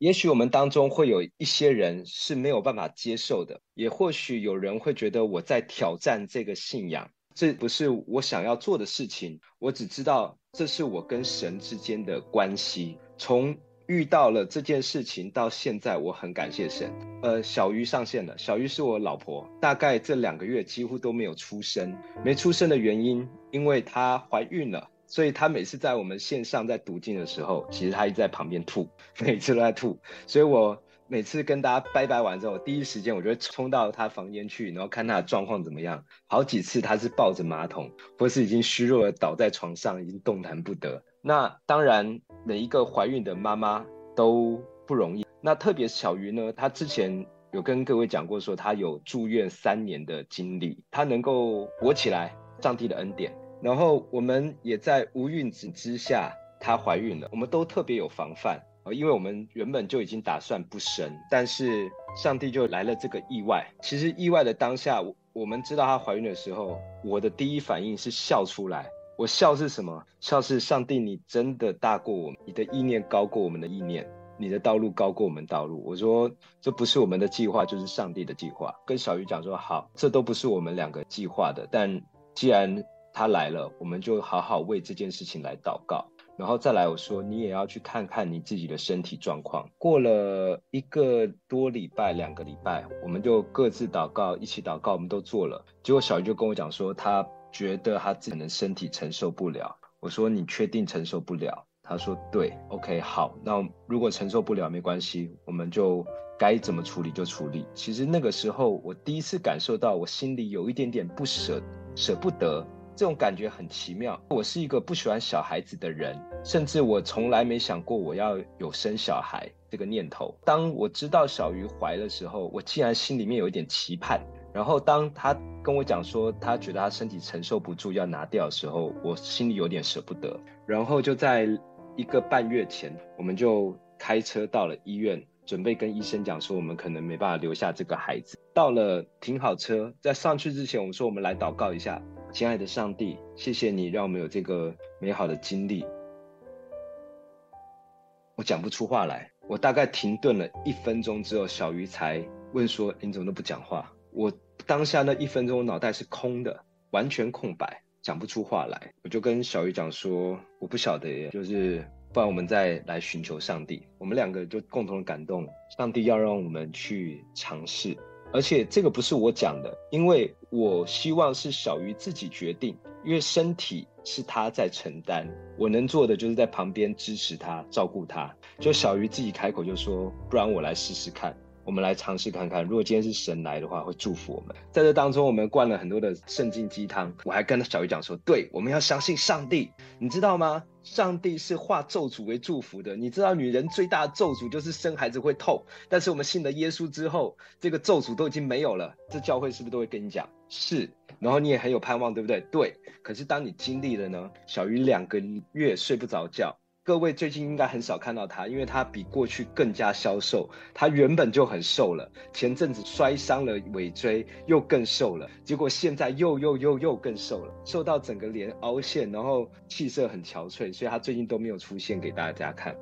也許我們當中會有一些人是沒有辦法接受的，也或許有人會覺得我在挑戰這個信仰，這不是我想要做的事情。我只知道這是我跟神之間的關係。從遇到了這件事情到現在，我很感謝神。呃，小魚上線了，小魚是我老婆，大概這兩個月幾乎都沒有出聲，沒出聲的原因，因為她懷孕了。所以她每次在我們線上在讀經的時候，其實她一直在旁邊吐，每次都在吐。所以我每次跟大家拜拜完之後，第一時間我就會衝到她房間去，然後看她的狀況怎麼樣。好幾次她是抱着馬桶，或是已經虛弱的倒在床上，已經動彈不得。那當然，每一個懷孕的媽媽都不容易。那特別小云呢，她之前有跟各位講過說，說她有住院三年的經歷，她能夠活起來，上帝的恩典。然後我們也在無孕子之下，她懷孕了。我們都特別有防範啊，因為我們原本就已經打算不生，但是上帝就來了這個意外。其實意外的當下，我，我們知道她懷孕的時候，我的第一反應是笑出來。我笑是什麼？笑是上帝，你真的大過我們，你的意念高過我們的意念，你的道路高過我們道路。我說這不是我們的計劃，就是上帝的計劃。跟小魚講說好，這都不是我們兩個計劃的，但既然。他來了，我們就好好為這件事情來禱告，然後再來我說，你也要去看看你自己的身體狀況。過了一個多禮拜，兩個禮拜，我們就各自禱告，一起禱告，我們都做了。結果小魚就跟我講說，她覺得她自己的身體承受不了。我說你確定承受不了？她說對。OK，好，那如果承受不了沒關係，我們就該怎麼處理就處理。其實那個時候，我第一次感受到我心裡有一點點不捨，捨不得。這種感覺很奇妙。我是一個不喜歡小孩子的人，甚至我從來沒想過我要有生小孩這個念頭。當我知道小魚懷的時候，我竟然心裡面有一點期盼。然後當他跟我講說他覺得他身體承受不住要拿掉的時候，我心裡有點捨不得。然後就在一個半月前，我們就開車到了醫院，準備跟醫生講說我們可能沒辦法留下這個孩子。到了停好車，在上去之前，我說我們來禱告一下。親愛的上帝，謝謝你讓我們有這個美好的經歷。我講不出話來，我大概停頓了一分鐘之後，小魚才問說：“你怎麼都不講話？”我當下那一分鐘，我腦袋是空的，完全空白，講不出話來。我就跟小魚講說：“我不曉得，就是不然我們再來尋求上帝。”我們兩個就共同感動，上帝要讓我們去嘗試。而且這個不是我講的，因為我希望是小魚自己決定，因為身體是他在承擔，我能做的就是在旁邊支持他、照顧他。就小魚自己開口就說：“不然我來試試看，我們來嘗試看看。如果今天是神來的話，會祝福我們。”在這當中，我們灌了很多的聖經雞湯，我還跟小魚講說：“對，我們要相信上帝，你知道嗎？”上帝是化咒詛為祝福的，你知道女人最大的咒詛就是生孩子會痛，但是我們信了耶穌之後，這個咒詛都已經沒有了。這教會是不是都會跟你講？是，然後你也很有盼望，對不對？對。可是當你經歷了呢？小於兩個月睡不着覺。各位最近應該很少看到他，因為他比過去更加消瘦。他原本就很瘦了，前陣子摔傷了尾椎，又更瘦了，結果現在又又又又更瘦了，瘦到整個臉凹陷，然後氣色很憔悴，所以他最近都沒有出現給大家看。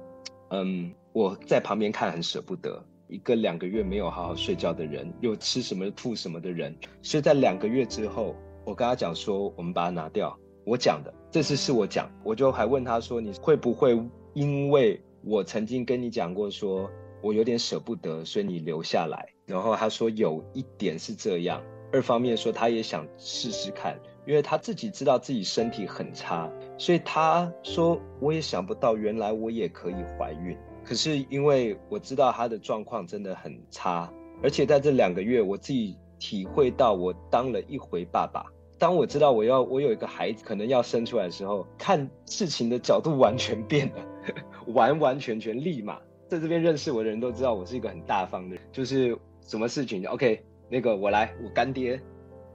嗯，我在旁邊看很捨不得，一個兩個月沒有好好睡覺的人，又吃什麼吐什麼的人，所以在兩個月之後，我跟他講說，我們把它拿掉。我講的這次是我講，我就還問他說你會不會因為我曾經跟你講過說我有點舍不得，所以你留下來。然後他說有一點是這樣，二方面說他也想試試看，因為他自己知道自己身體很差，所以他說我也想不到原來我也可以懷孕。可是因為我知道他的狀況真的很差，而且在這兩個月我自己體會到我當了一回爸爸。當我知道我要我有一個孩子可能要生出來的時候，看事情的角度完全變了，完完全全立馬。在這邊認識我的人都知道我是一個很大方的人，就是什麼事情 OK，那個我來，我乾爹。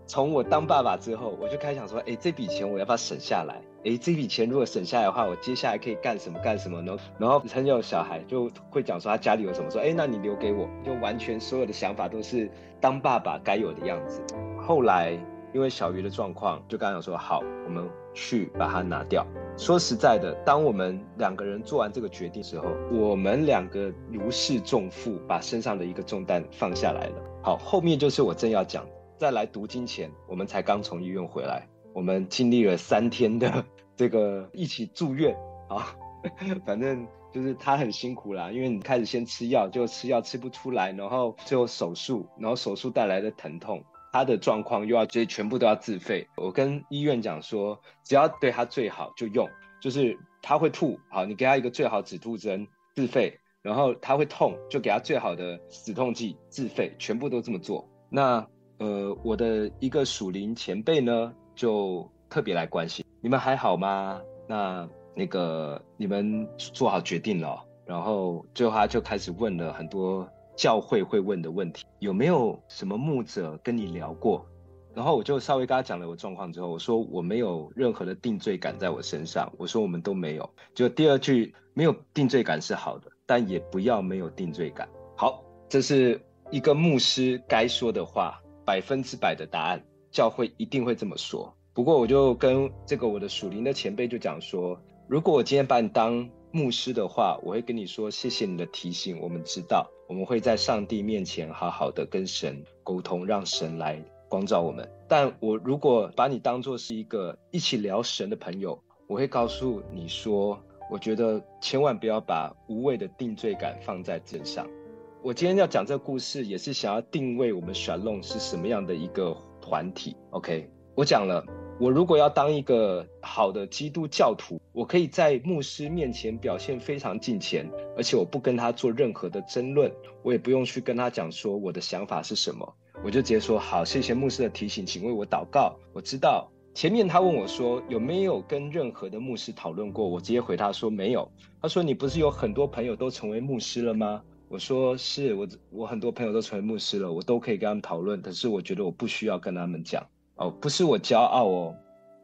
從我當爸爸之後，我就開始想說，哎、欸，這筆錢我要不要省下來，哎、欸，這筆錢如果省下來的話，我接下來可以幹什麼幹什麼呢？然後曾經有小孩就會講說他家裡有什麼，說哎、欸，那你留給我，就完全所有的想法都是當爸爸該有的樣子。後來。因為小魚的狀況，就剛才講說，好，我們去把它拿掉。說實在的，當我們兩個人做完這個決定時候，我們兩個如釋重負，把身上的一個重擔放下來了。好，後面就是我正要講，再來讀經前，我們才剛從醫院回來，我們經歷了三天的這個一起住院。啊，反正就是他很辛苦啦，因為你開始先吃藥，就吃藥吃不出來，然後最後手術，然後手術帶來的疼痛。他的狀況又要追，所以全部都要自費。我跟醫院講說，只要對他最好就用，就是他會吐，好，你給他一個最好止吐針自費；然後他會痛，就給他最好的止痛劑自費，全部都這麼做。那呃，我的一個屬靈前輩呢，就特別來關心。你們還好嗎？那那個你們做好決定了哦？然後最後他就開始問了很多。教會會問的問題有沒有什麼牧者跟你聊過？然後我就稍微跟他講了我狀況之後，我說我沒有任何的定罪感在我身上。我說我們都沒有。就第二句沒有定罪感是好的，但也不要沒有定罪感。好，這是一個牧師該說的話，百分之百的答案，教會一定會這麼說。不過我就跟這個我的屬靈的前輩就講說，如果我今天把你當牧師的話，我會跟你說謝謝你的提醒，我們知道。我們會在上帝面前好好的跟神溝通，讓神來光照我們。但我如果把你當作是一個一起聊神的朋友，我會告訴你說，我覺得千萬不要把無謂的定罪感放在肩上。我今天要講這個故事，也是想要定位我們 SHALOM 是什麼樣的一個團體。OK，我講了。我如果要當一個好的基督教徒，我可以在牧師面前表現非常敬虔。而且我不跟他做任何的爭論，我也不用去跟他講說我的想法是什麼，我就直接說好，謝謝牧師的提醒，請為我禱告。我知道前面他問我說有沒有跟任何的牧師討論過，我直接回答說沒有。他說你不是有很多朋友都成為牧師了嗎？我說是我我很多朋友都成為牧師了，我都可以跟他們討論，可是我覺得我不需要跟他們講。哦、不是我驕傲哦。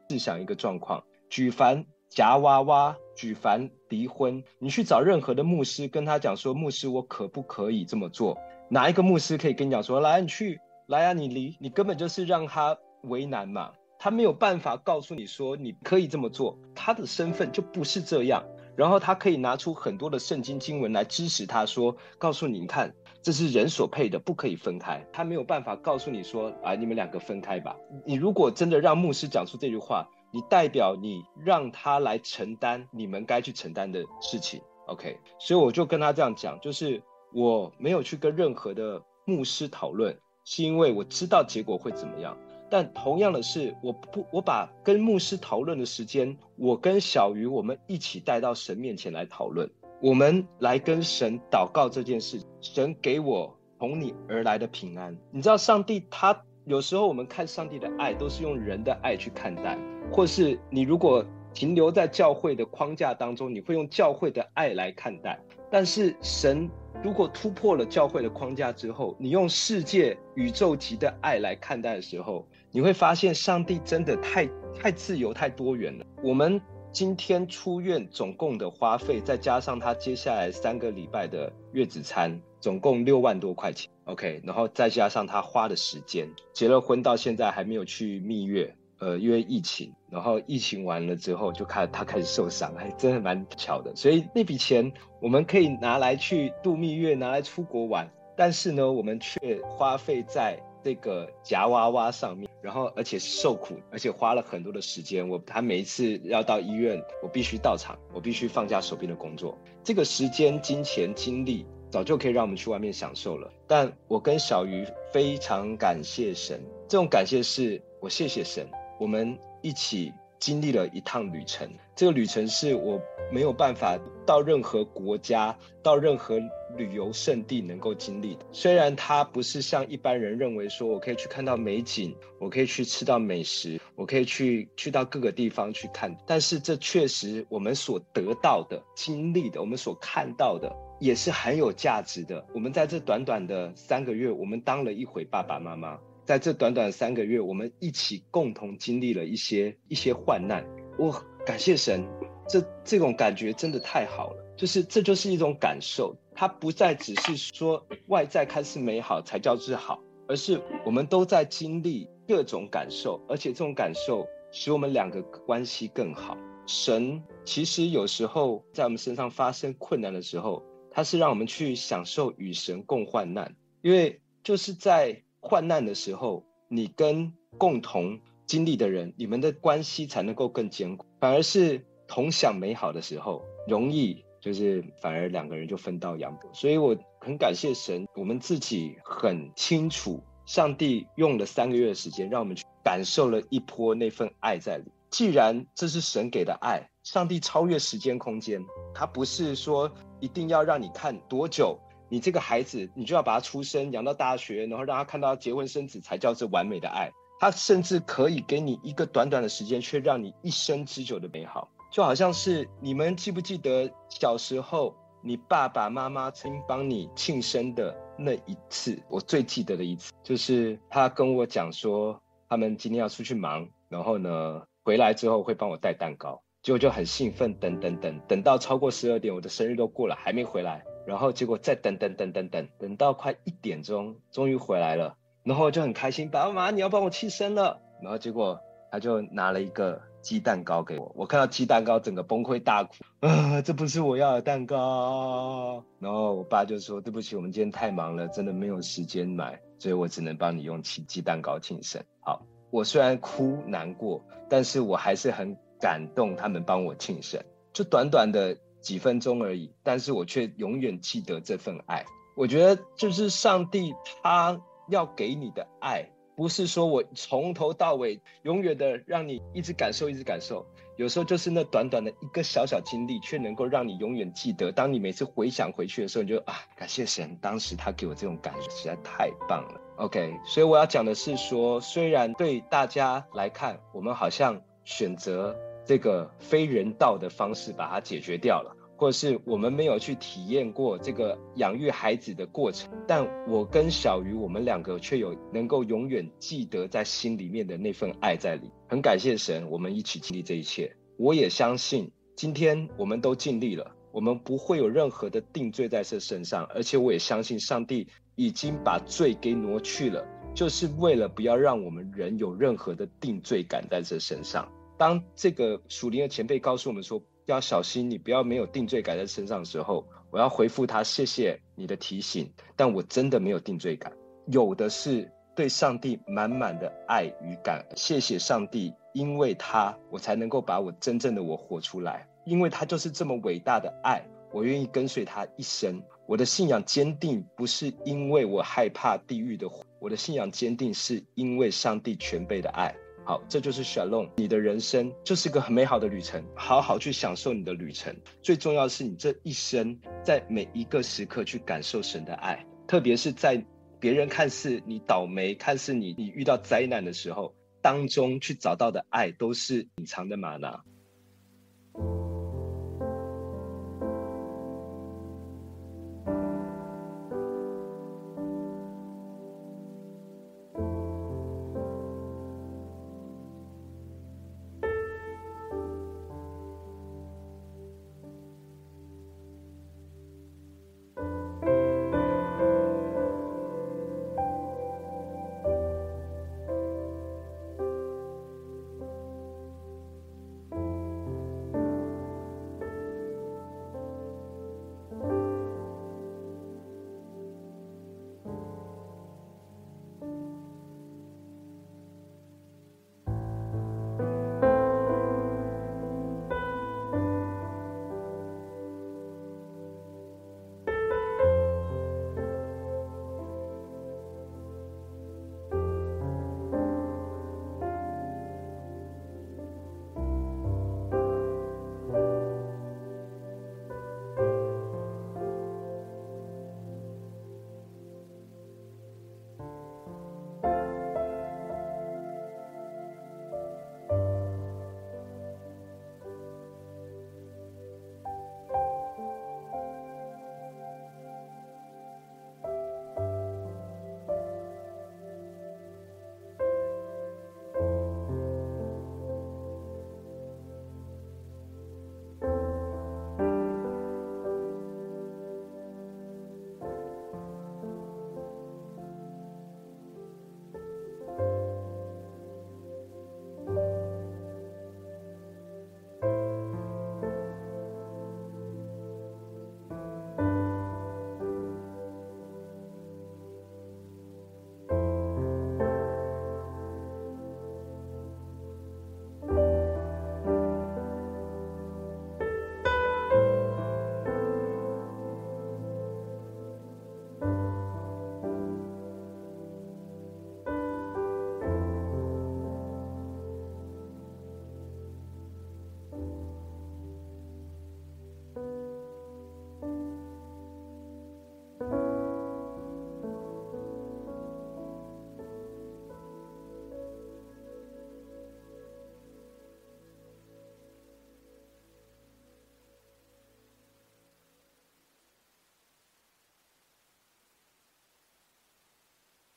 試想一個狀況：舉凡夾娃娃，舉凡離婚，你去找任何的牧師，跟他講說，牧師，我可不可以這麼做？哪一個牧師可以跟你講說，來，你去，來啊，你離，你根本就是讓他為難嘛。他沒有辦法告訴你說，你可以這麼做。他的身份就不是這樣。然後他可以拿出很多的聖經經文來支持他，說，告訴您看。這是人所配的，不可以分開。他沒有辦法告訴你說啊，你們兩個分開吧。你如果真的讓牧師講出這句話，你代表你讓他來承擔你們該去承擔的事情。OK，所以我就跟他這樣講，就是我沒有去跟任何的牧師討論，是因為我知道結果會怎麼樣。但同樣的是，我不，我把跟牧師討論的時間，我跟小魚我們一起帶到神面前來討論。我們來跟神禱告這件事，神給我從你而來的平安。你知道，上帝他有時候我們看上帝的愛，都是用人的愛去看待，或是你如果停留在教會的框架當中，你會用教會的愛來看待。但是神如果突破了教會的框架之後，你用世界宇宙級的愛來看待的時候，你會發現上帝真的太太自由、太多元了。我們。今天出院總共的花費，再加上他接下來三個禮拜的月子餐，總共六萬多塊錢。OK，然後再加上他花的時間，結了婚到現在還沒有去蜜月，呃，因為疫情，然後疫情完了之後就開他開始受傷，哎，還真的蠻巧的。所以那筆錢我們可以拿來去度蜜月，拿來出國玩，但是呢，我們卻花費在這個夾娃娃上面，然後而且受苦，而且花了很多的時間。我他每一次要到醫院，我必須到場，我必須放下手邊的工作。這個時間、金錢、精力早就可以讓我們去外面享受了。但我跟小魚非常感謝神，這種感謝是我謝謝神。我們一起經歷了一趟旅程，這個旅程是我沒有辦法。到任何國家，到任何旅遊勝地能夠經歷的，雖然它不是像一般人認為說，我可以去看到美景，我可以去吃到美食，我可以去去到各個地方去看，但是這確實我們所得到的、經歷的、我們所看到的，也是很有價值的。我們在這短短的三個月，我們當了一回爸爸媽媽，在這短短的三個月，我們一起共同經歷了一些一些患難。我感謝神。這這種感覺真的太好了，就是這就是一種感受，它不再只是說外在看似美好才叫是好，而是我們都在經歷各種感受，而且這種感受使我們兩個關係更好。神其實有時候在我們身上發生困難的時候，它是讓我們去享受與神共患難，因為就是在患難的時候，你跟共同經歷的人，你們的關係才能夠更堅固，反而是。同享美好的時候，容易就是反而兩個人就分道揚鑣。所以我很感謝神，我們自己很清楚，上帝用了三個月的時間，讓我們去感受了一波那份愛在裡。既然這是神給的愛，上帝超越時間空間，他不是說一定要讓你看多久，你這個孩子你就要把他出生養到大學，然後讓他看到他結婚生子才叫做完美的愛。他甚至可以給你一個短短的時間，卻讓你一生之久的美好。就好像是你們記不記得小時候，你爸爸媽媽曾經幫你慶生的那一次，我最記得的一次，就是他跟我講說，他們今天要出去忙，然後呢，回來之後會幫我帶蛋糕，結果就很興奮，等等等等，到超過十二點，我的生日都過了，還沒回來，然後結果再等等等等等，等到快一點鐘，終於回來了，然後就很開心，爸爸媽媽你要幫我慶生了，然後結果他就拿了一個雞蛋糕給我，我看到雞蛋糕整個崩潰大哭，啊，這不是我要的蛋糕。然後我爸就說：“對不起，我們今天太忙了，真的沒有時間買，所以我只能幫你用雞蛋糕慶生。”好，我雖然哭難過，但是我還是很感動他們幫我慶生，就短短的幾分鐘而已，但是我卻永遠記得這份愛。我覺得就是上帝他要給你的愛。不是說我從頭到尾永遠的讓你一直感受，一直感受，有時候就是那短短的一個小小經歷，卻能夠讓你永遠記得。當你每次回想回去的時候，你就啊，感謝神，當時他給我這種感覺實在太棒了。OK，所以我要講的是說，雖然對大家來看，我們好像選擇這個非人道的方式把它解決掉了。或者是我們沒有去體驗過這個養育孩子的過程，但我跟小魚，我們兩個卻有能夠永遠記得在心裡面的那份愛在裡。很感謝神，我們一起經歷這一切。我也相信，今天我們都盡力了，我們不會有任何的定罪在這身上。而且我也相信，上帝已經把罪給挪去了，就是為了不要讓我們人有任何的定罪感在這身上。當這個屬靈的前輩告訴我們說，要小心，你不要沒有定罪感在身上的時候，我要回復他，謝謝你的提醒，但我真的沒有定罪感，有的是對上帝滿滿的愛與感恩。謝謝上帝，因為他我才能夠把我真正的我活出來，因為他就是這麼偉大的愛，我願意跟隨他一生。我的信仰堅定不是因為我害怕地獄的火，我的信仰堅定是因為上帝全備的愛。好，這就是 Shalom。你的人生就是個很美好的旅程，好好去享受你的旅程。最重要的是，你這一生在每一個時刻去感受神的愛，特別是在別人看似你倒霉、看似你你遇到災難的時候當中，去找到的愛都是隱藏的嗎哪。